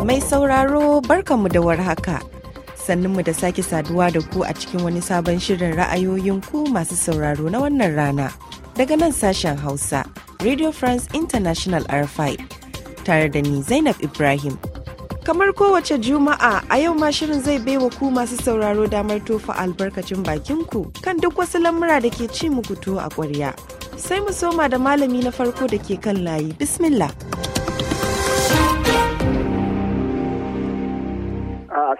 Mai sauraro barkanmu da warhaka. mu da sake saduwa da ku a cikin wani sabon shirin ra'ayoyin ku masu sauraro na wannan rana. Daga nan sashen Hausa, Radio France International RFI, tare da ni Zainab Ibrahim. kamar kowace juma'a a yau ma shirin zai baiwa ku masu sauraro damar tofa albarkacin bakin ku kan duk wasu lamura da ke ci muku to a ƙwarya Sai mu soma da malami na farko da ke kan layi. Bismillah.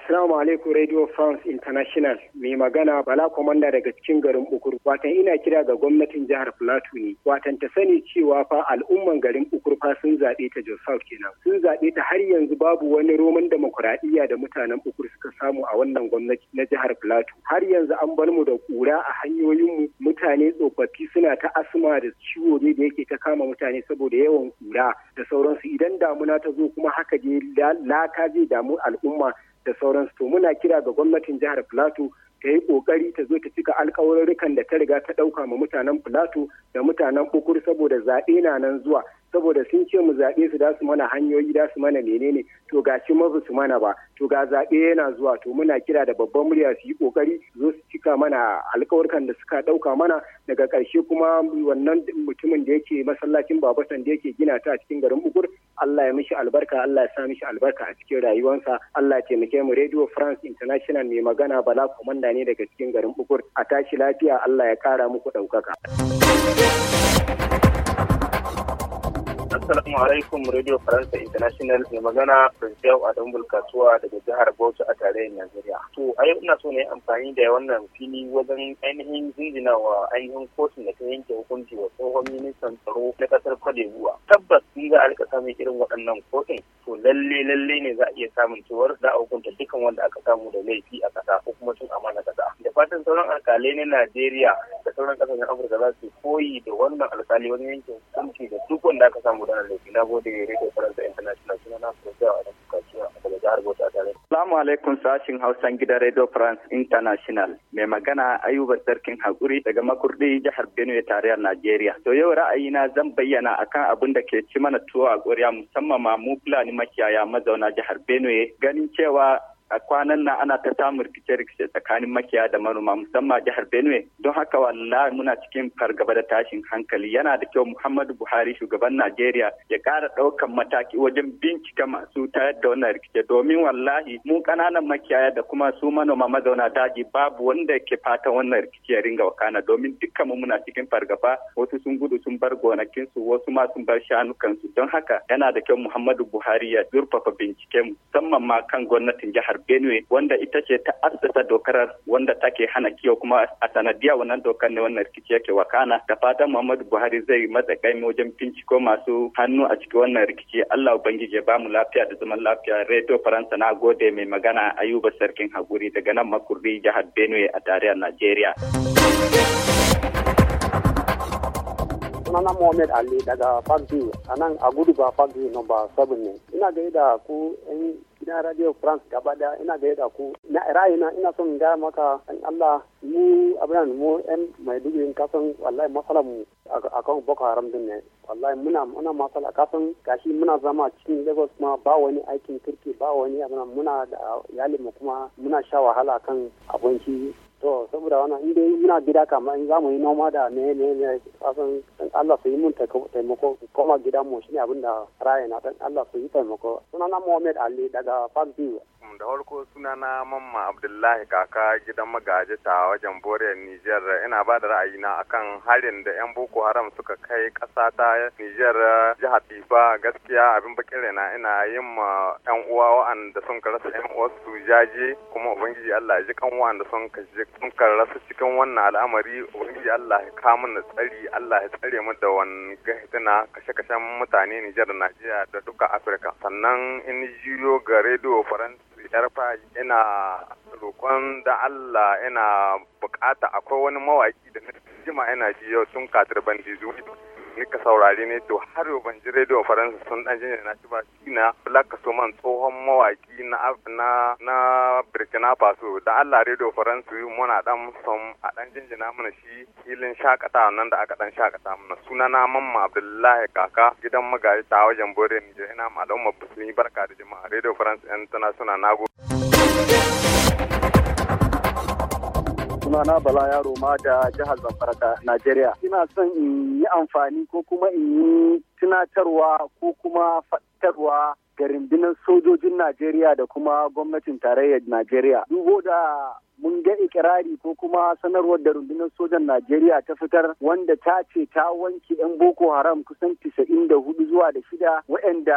Assalamu alaikum Radio France International mai magana Bala Komanda daga cikin garin Ukur. Watan ina kira ga gwamnatin jihar Plateau ne. Watan ta sani cewa fa al'umman garin Ukur fa sun zaɓe ta Jos South kenan. Sun zaɓe ta har yanzu babu wani roman demokuraɗiyya da mutanen Ukur suka samu a wannan gwamnati na jihar Plateau. Har yanzu an bar mu da ƙura a hanyoyinmu mutane tsofaffi suna ta asma da ciwo ne da yake ta kama mutane saboda yawan ƙura da sauransu idan damuna ta zo kuma haka je laka zai damu al'umma da sauransu to muna kira ga gwamnatin jihar Plateau ta yi kokari ta zo ta cika alkawarurrukan da ta riga ta dauka ma mutanen Plateau da mutanen Kukur saboda zaɓe na nan zuwa saboda sun ce mu zaɓe su da su mana hanyoyi da su mana menene to ga shi mafi su mana ba to ga zaɓe yana zuwa to muna kira da babban murya su yi kokari zo su cika mana alkawarkan da suka ɗauka mana daga ƙarshe kuma wannan mutumin da yake masallacin babasan da yake gina ta a cikin garin ukur Allah ya mishi albarka Allah ya sa mishi albarka a cikin rayuwarsa Allah ya taimake mu Radio France International mai magana Bala komanda ne daga cikin garin Bukur a tashi lafiya Allah ya kara muku ɗaukaka. Assalamu alaikum Radio Faransa International mai magana Prince Dambul Kasuwa daga jihar Bauchi a tarayyar Najeriya. To a yau ina so ne amfani da wannan fili wajen ainihin jinjinawa wa ainihin kotun da ta yanke hukunci wa tsohon ministan tsaro na kasar Cote Tabbas in za a rika samun irin waɗannan kotun to lalle lalle ne za a iya samun cewar za a hukunta dukkan wanda aka samu da laifi a ƙasa ko kuma cin amana kasa. fatan sauran alkalai na Najeriya da sauran kasashen Afirka za su koyi da wannan alkali wani yankin kunci da duk wanda aka samu da laifi na gode Radio Faransa International suna na Fauziya a Kaciya daga jihar Bauchi a tare. Assalamu alaikum sashin Hausan gida Radio France International mai magana Ayuba Sarkin Hakuri daga Makurdi jihar Benue tare a Najeriya. To yau ra'ayina zan bayyana akan abin da ke ci mana tuwo a ƙuriya musamman ma mu Fulani makiyaya mazauna jihar Benue ganin cewa a kwanan na ana ta samun rikice-rikice tsakanin makiya da manoma musamman jihar Benue don haka wallahi muna cikin fargaba da tashin hankali yana da kyau Muhammadu Buhari shugaban Najeriya ya kara ɗaukan mataki wajen bincika masu tayar da wannan rikice domin wallahi mu kananan makiyaya da kuma su manoma mazauna daji babu wanda ke fatan wannan rikici ya ringa wakana domin dukkan mu muna cikin fargaba wasu sun gudu sun bar gonakinsu wasu ma sun bar shanukansu don haka yana da kyau Muhammadu Buhari ya zurfafa binciken musamman ma kan gwamnatin jihar jihar benue wanda ita ce ta assasa dokar wanda take hana kiyo kuma a sanadiyar wannan dokar ne wannan rikici yake wakana da fatan muhammadu buhari zai matsa kaimi wajen binciko masu hannu a cikin wannan rikici allah ubangiji ya bamu lafiya da zaman lafiya radio faransa na gode mai magana ayuba sarkin haguri daga nan makurri jihar benue a tarayyar najeriya sunana Mohamed Ali daga Fagdi a nan a gudu ba Fagdi No. 7 ne. Ina gaida ku 'yan na radio france gaba daya ina da ku na ra'ayina ina son ga maka an allah mu abinan mu yan maiduguri san wallahi matsalar mu akan boko haram din ne wallahi muna muna matsala san gashi muna zama cikin lagos kuma ba wani aikin kirki ba wani abinan muna da iyalin mu kuma muna sha wahala kan abinci to saboda wani inda yi muna gida kama in zamu yi noma da ne ne ne kasan Allah su yi mun taimako koma gidan mu shine abin da ra'ayi na dan Allah su yi taimako sunana Muhammad Ali daga Fagbiwa alaikum da farko sunana mamma abdullahi kaka gidan magajita wajen boriyar niger ina ba da ra'ayina akan harin da yan boko haram suka kai ƙasa ta niger jihar tifa gaskiya abin bakin rena ina yin ma yan uwa wa'anda sun rasa yan uwarsu jaje kuma ubangiji allah ji kan wa'anda sun ka rasa cikin wannan al'amari ubangiji allah ya kama na tsari allah ya tsare mu da wani gahitina kashe-kashen mutane niger da najeriya da duka afirka sannan in jiyo ga rediyo faransa yarfa ina roƙon da Allah ina bukata akwai wani mawaki da na jima ina ji yau sun katar bandi zuwa nika saurari ne to har yau ban ji rediyo faransa sun dan jinya na ci ba shi na black man tsohon mawaki na na na burkina faso da allah rediyo faransa muna dan son a dan jinjina mana shi filin shakata nan da aka dan shakata mana suna na mamma abdullahi kaka gidan magarita ta wajen bore ni ina ma al'umma musulmi barka da jama'a rediyo faransa international na gode sunana bala yaro ma da jihar zamfara ta najeriya ina son in yi amfani ko kuma in yi tunatarwa ko kuma fatarwa ga rimbinan sojojin najeriya da kuma gwamnatin tarayyar najeriya dubo da mun ga ikirari ko kuma sanarwar da rundunar sojan Najeriya ta fitar wanda ta ce ta wanke 'yan Boko Haram kusan da 94 zuwa da shida waɗanda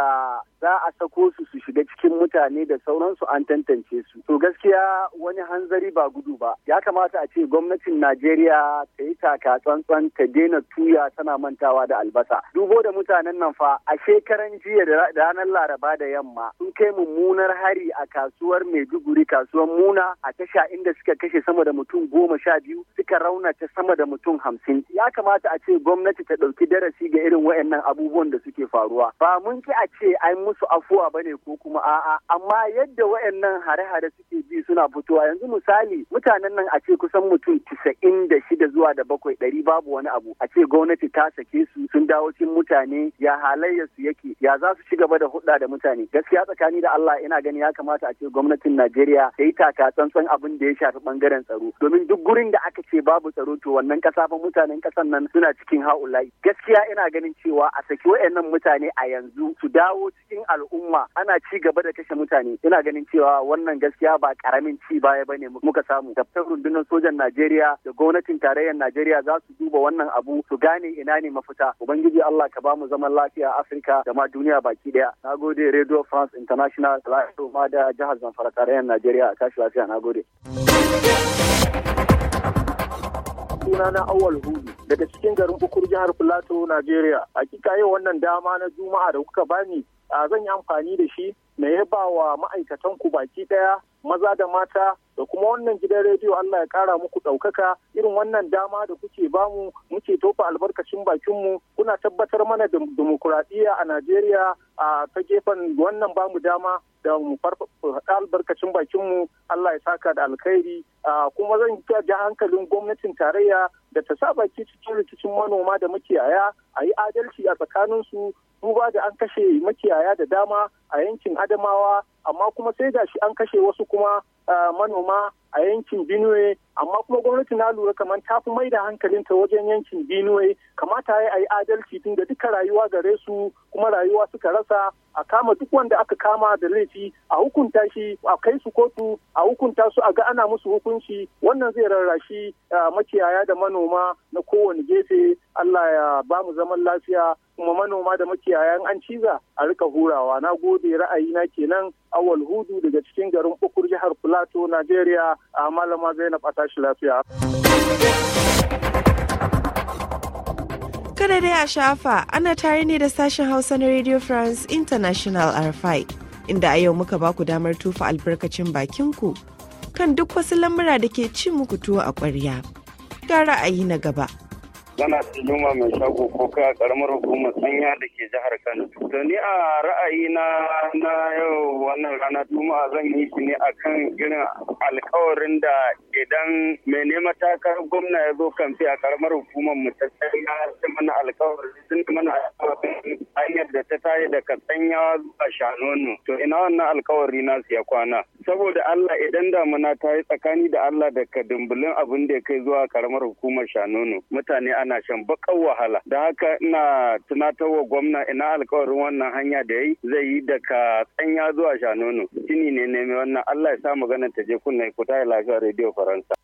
za a sako su su shiga cikin mutane da sauransu an tantance su. To gaskiya wani hanzari ba gudu ba. Ya kamata a ce gwamnatin Najeriya ta yi taka tsantsan ta daina tuya tana mantawa da albasa. Dubo da mutanen nan fa a shekaran jiya da ranar Laraba da yamma sun kai mummunar hari a kasuwar Maiduguri kasuwar Muna a tasha inda da suka kashe sama da mutum goma sha biyu suka raunata sama da mutum hamsin ya kamata a ce gwamnati ta ɗauki darasi ga irin waɗannan abubuwan da suke faruwa ba mun ki a ce ai musu afuwa ba ne ko kuma a'a amma yadda waɗannan hare-hare suke bi suna fitowa yanzu misali mutanen nan a ce kusan mutum tisa'in da shida zuwa da bakwai ɗari babu wani abu a ce gwamnati ta sake su sun dawo cikin mutane ya halayya su yake ya za su ci gaba da hudda da mutane gaskiya tsakani da Allah ina gani ya kamata a ce gwamnatin Najeriya ta yi taka tsantsan abin da ya shafi bangaren tsaro domin duk gurin da aka ce babu tsaro to wannan kasa fa mutanen kasan nan suna cikin haula'i gaskiya ina ganin cewa a saki wayannan mutane a yanzu su dawo cikin al'umma ana ci gaba da kashe mutane ina ganin cewa wannan gaskiya ba karamin ci baya bane muka samu daftar rundunar sojan Najeriya da gwamnatin tarayyar Najeriya za su duba wannan abu su gane ina ne mafita ubangiji Allah ka bamu zaman lafiya Afirka da ma duniya baki daya nagode Radio France International da jihar Zamfara tarayyar Najeriya a tashi lafiya nagode na awal hudu daga cikin garin bukur jihar plateau nigeria hakika yau wannan dama na juma'a da kuka bani zan yi amfani da shi na yaba wa ma'aikatan ku baki ɗaya maza da mata da kuma wannan gidan rediyo Allah ya kara muku ɗaukaka irin wannan dama da kuke bamu muke tofa albarkacin bakinmu kuna tabbatar mana da demokuraɗiyya a Najeriya a ta gefen wannan bamu dama da mu farfaɗa albarkacin bakinmu Allah ya saka da alkhairi kuma zan ja hankalin gwamnatin tarayya da ta sa baki cikin rikicin manoma da makiyaya a yi adalci a tsakaninsu duba da an kashe makiyaya da dama a yankin adamawa amma kuma sai gashi an kashe wasu kuma manoma a yankin Benue amma kuma gwamnati na lura kamar ta fi mai da hankalin ta wajen yankin Benue kamata a yi adalci tun da duka rayuwa gare su kuma rayuwa suka rasa a kama duk wanda aka kama da laifi a hukunta shi a kai su kotu a hukunta su a ga ana musu hukunci wannan zai rarrashi makiyaya da manoma na kowane gefe Allah ya ba mu zaman lafiya kuma manoma da makiyayan an ciza a rika hurawa na gode na kenan awal hudu daga cikin garin ukur jihar plato nigeria a malama zainab a lafiya kada dai a shafa ana tare ne da sashen hausa na radio france international rfi inda a yau muka baku damar tufa albarkacin bakin ku kan duk wasu lamura da ke cin muku tuwo a ƙwarya ga ra'ayi na gaba Zana Siluma mai shago kai a karamar hukumar sanya da ke jihar Kano. To ni a ra'ayi na na yau wannan rana Juma'a zan yi shi ne akan irin alkawarin da idan mai neman matakar gwamna ya zo kamfe a karamar hukumar mu ta sanya ta mana alkawarin sun mana alkawarin hanyar da ta tayi daga tsanya zuwa shanonu. To ina wannan alkawari na ya kwana. Saboda Allah idan damuna ta yi tsakani da Allah ka dumbulin abin da ya kai zuwa karamar hukumar shanonu. Mutane ana shan bakar wahala da haka ina tunatarwa gwamna ina alkawarin wannan hanya da yayi zai yi daga tsanya zuwa shanono shine ne neme wannan Allah ya sa magana ta je kunna ku ta lafiya radio faransa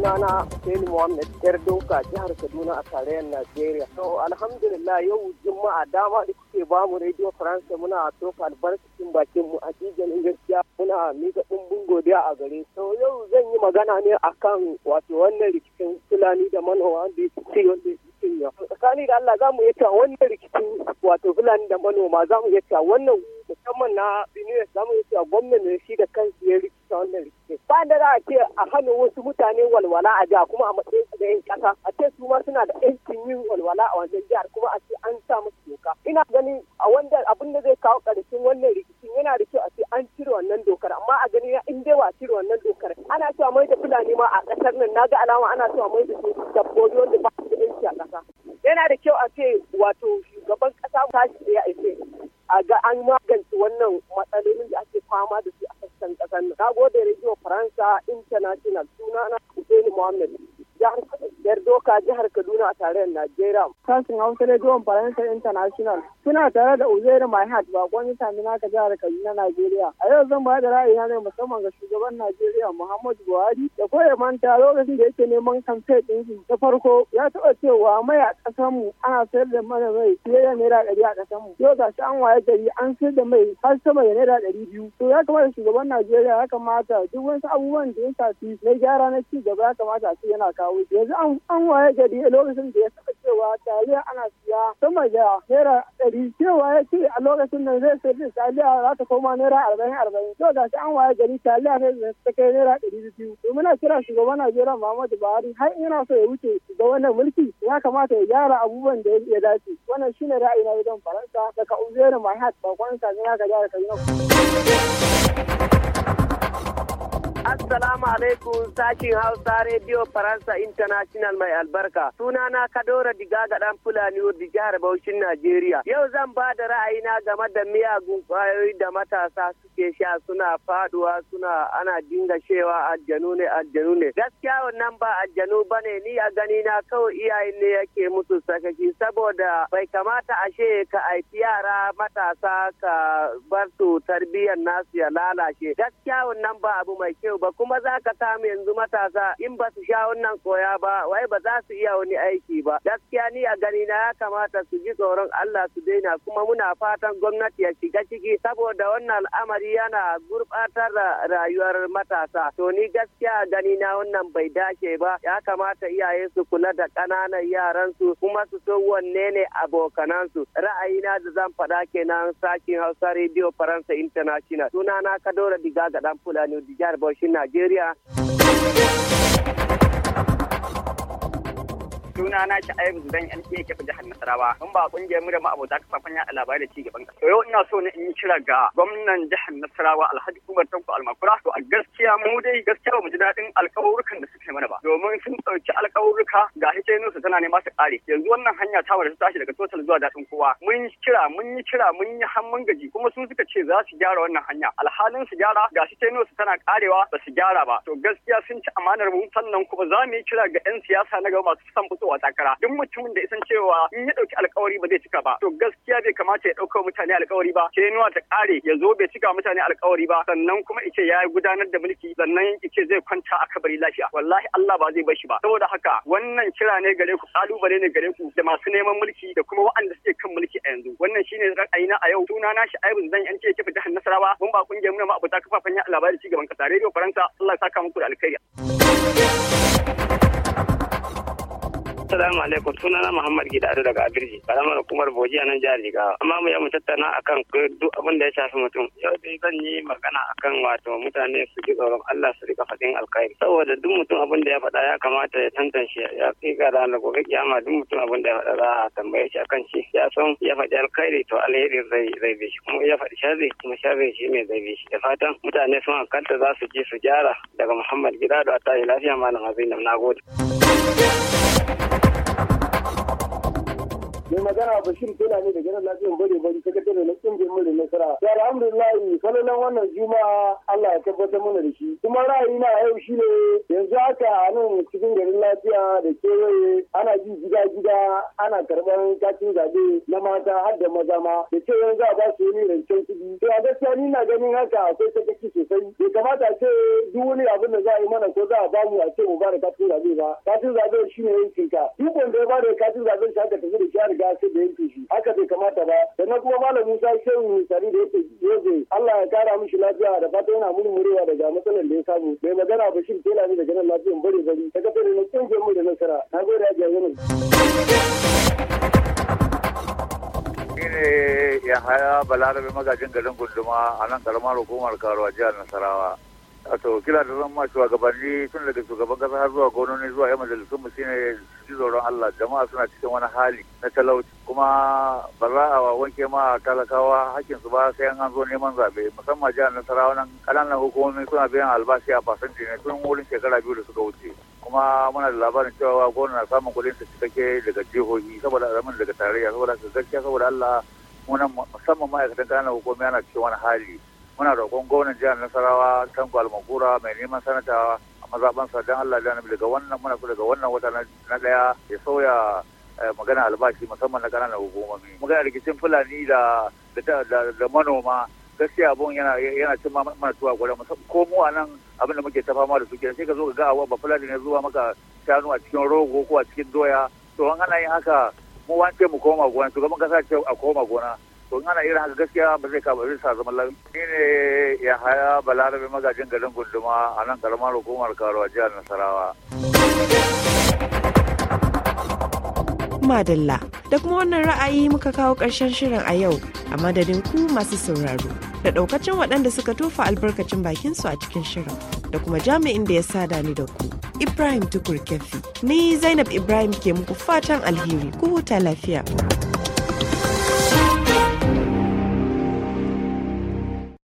sunana Hussein Muhammad yar doka jihar Kaduna a tarayyar Najeriya. To alhamdulillah yau juma'a dama da kuke ba mu Radio France muna tofa albarkacin bakin mu a cikin gaskiya muna mika dimbin godiya a gare. To yau zan yi magana ne akan wato wannan rikicin Fulani da manoma da ya wanda ya tsakani da Allah za mu iya cewa wannan rikicin wato Fulani da manoma za mu iya cewa wannan musamman na Benue za mu a gwamnan ne shi da kansu ya rikita wannan rikice. Ba da za a ce a hannun wasu mutane walwala a jiha kuma a matsayin su da 'yan kasa a ce su ma suna da 'yancin yin walwala a wannan jihar kuma a ce an sa musu doka. Ina ganin a wanda abin da zai kawo ƙarshen wannan rikicin yana da kyau a ce an cire wannan dokar amma a gani in dai wa cire wannan dokar ana cewa mai da fulani ma a ƙasar nan na ga alama ana cewa mai da su dabbobi wanda ba su da 'yanci a ƙasa. Yana da kyau a ce wato shugaban ƙasa ta shi ya ce a ga an magance wannan matsalolin da ake fama da su a sassan ƙasar na Na gode rediyo Faransa International sunana Hussein Muhammad. Ya Yar doka jihar Kaduna a tarayyar Najeriya. Sashen Hausa Radio Faransa International suna tare da Uzairu Mahat bakon mutane naka jihar Kaduna Najeriya. A yau zan ba da ra'ayi ne musamman ga shugaban Najeriya Muhammadu Buhari da koya manta lokacin da yake neman kamfe ɗinki, ta farko ya taɓa cewa mai a ƙasar mu ana sayar da mana mai fiye da naira ɗari a ƙasar mu. Yau gashi an waye gari an sayar da mai har sama da naira ɗari biyu. To ya kamata shugaban Najeriya ya kamata duk wasu abubuwan da ya shafi na gyara na ci gaba ya kamata a yana kawo. Yanzu an an waye gari a lokacin da ya saka cewa taliya ana siya sama da naira ɗari cewa ya ce a lokacin da zai sayar taliya za ta koma naira arba'in arba'in to da an waye gari taliya ne sai ta kai naira ɗari da biyu to muna kira shugaban najeriya muhammadu buhari har yana so ya wuce ga wannan mulki ya kamata ya gyara abubuwan da ya dace wannan shine ra'ayi na gidan faransa daga uzeri mahat bakon sa ne ya ga kai kaduna Assalamu alaikum sashin Hausa Radio Faransa International mai albarka. Sunana Kadora Digaga dan Fulani jihar Bauchin Najeriya. Yau zan ba da ra'ayina game da miyagun kwayoyi da matasa suke sha suna faduwa suna ana dinga shewa aljanu ne aljanu ne. Gaskiya wannan ba aljanu bane ni a gani na kawai iyayen ne yake musu sakaki saboda bai kamata a ashe ka aiki yara matasa ka bar su tarbiyyar nasu ya lalace. Gaskiya wannan ba abu mai kyau ba kuma za ka samu yanzu matasa in ba su sha wannan koya ba wai ba za su iya wani aiki ba gaskiya ni a gani na ya kamata su ji tsoron Allah su daina kuma muna fatan gwamnati ya shiga ciki saboda wannan al'amari yana gurbatar da rayuwar matasa to ni gaskiya a gani na wannan bai dace ba ya kamata iyaye su kula da ƙananan yaran su kuma su san wanne ne abokanansu ra'ayina da zan faɗa kenan sakin Hausa Radio Faransa International sunana Kadora Diga ga dan Fulani Dijar Bauchi arewacin Najeriya. suna na shi aibu zan yan ke ke jihar Nasarawa in ba kungiyar mu da ma'abota kafafen yaɗa labarai da ci gaban ƙasa. Yau ina so ne in yi kira ga gwamnan jihar Nasarawa Alhaji Umar Tanko Almakura to a gaskiya mu dai gaskiya ba mu ji daɗin alƙawurukan da suke mana ba domin sun ɗauki alƙawurruka ga hikayensu tana nema su ƙare yanzu wannan hanya ta da ta tashi daga total zuwa daɗin kowa mun yi kira mun yi kira mun yi hamman gaji kuma su suka ce za su gyara wannan hanya alhalin su gyara ga shi su tana ƙarewa ba su gyara ba to gaskiya sun ci amanar mu sannan kuma za mu yi kira ga 'yan siyasa na gaba masu san fitowa kowa takara duk mutumin da isan cewa in ya dauki alkawari ba zai cika ba to gaskiya bai kamata ya dauka mutane alkawari ba ke nuna ta kare ya zo bai cika mutane alkawari ba sannan kuma ice ya gudanar da mulki sannan ice zai kwanta a kabari lafiya wallahi Allah ba zai bashi ba saboda haka wannan kira ne gare ku kalubale ne gare ku da masu neman mulki da kuma waɗanda suke kan mulki a yanzu wannan shine na a yau tuna na shi aibun zan yance ki fita nasarawa mun ba kungiyar muna ma abuta kafafan ya labari ci gaban faransa Allah ya saka muku da alkhairi Assalamu alaikum sunana Muhammad Gidado daga Abirji karamar hukumar Boji a nan jihar Jigawa amma mu ya mu tattauna akan duk abin da ya shafi mutum yau dai zan yi magana akan wato mutane su ji tsoron Allah su rika faɗin alkhairi saboda duk mutum abin da ya faɗa ya kamata ya tantance ya kai ga ranar gobe kiyama duk mutum abin da ya faɗa za a tambaye shi akan shi ya san ya faɗi alkhairi to alheri zai zai bi shi kuma ya faɗi sharri kuma sharri shi ne zai bi shi da fatan mutane sun hankalta za su ji su gyara daga Muhammad Gidado a tayi lafiya malam Azinam na mai magana bashir tela ne da ganin lafiyan bari bari sakatare na kungiyar mure nasara da alhamdulillahi falalan wannan juma'a Allah ya tabbatar mana da shi kuma ra'ayi na yau shi ne yanzu haka a nan cikin garin lafiya da kewaye ana ji gida gida ana karɓar katin zaɓe na mata har da maza ma da ce yanzu a ba su wani rancen kuɗi to a gaskiya ni na ganin haka akwai sakaci sosai bai kamata a ce duk wani abin da za a yi mana ko za a ba mu a ce mu ba da katin zaɓe ba katin zaɓe shi ne ka duk wanda ya ba da katin zaɓe shi haka tafi da shi riga sai da yanke shi haka bai kamata ba da sannan kuma malam Musa Shehu Sani da yake yoge Allah ya kara mishi lafiya da fata yana murmurewa daga matsalar da ya samu mai magana Bashir Tela ne daga nan lafiyan bare bari ta kafa da kungiyar mu da nasara na gode a jazanin ne ya haya balarabe magajin garin gunduma a nan karamar hukumar karuwa jihar nasarawa a to kila da zan ma shugabanni tun daga shugaban kasa har zuwa gononi zuwa yan majalisun mu shine su tsoron Allah jama'a suna cikin wani hali na talauci kuma ba za a wanke ma talakawa hakkin su ba sai an zo neman zabe musamman jihar Nasarawa nan kananan hukumomi suna biyan albashi a fasanci ne tun wurin shekara biyu da suka wuce kuma muna da labarin cewa gona na samun kudin su cikakke daga jihohi saboda alamun daga tarayya saboda su gaskiya saboda Allah nan musamman ma'aikatan kananan hukumomi ana cikin wani hali muna roƙon gwamnan jihar nasarawa tanko almakura mai neman sanata a sa don allah jihar daga wannan muna daga wannan wata na ɗaya ya sauya eh, magana albashi musamman na ƙananan hukumomi magana rikicin fulani da da manoma gaskiya abun yana yana cin mana tuwa gwada ko mu a nan abin da muke ta fama da su kenan sai ka zo ka ga awa ba fulani ne zuwa maka shanu a cikin rogo ko a cikin doya to an hana yin haka mu wance mu koma gona shugaban kasa ce a koma gona to ana irin haka gaskiya ba zai kaba zai sa zaman lafiya ni ne ya haya balarabe magajin garin gunduma a nan karamar hukumar karuwa jihar nasarawa madalla da kuma wannan ra'ayi muka kawo ƙarshen shirin a yau a madadin ku masu sauraro da ɗaukacin waɗanda suka tofa albarkacin bakinsu a cikin shirin da kuma jami'in da ya sada ni da ku ibrahim tukur kefi ni zainab ibrahim ke muku fatan alheri ku huta lafiya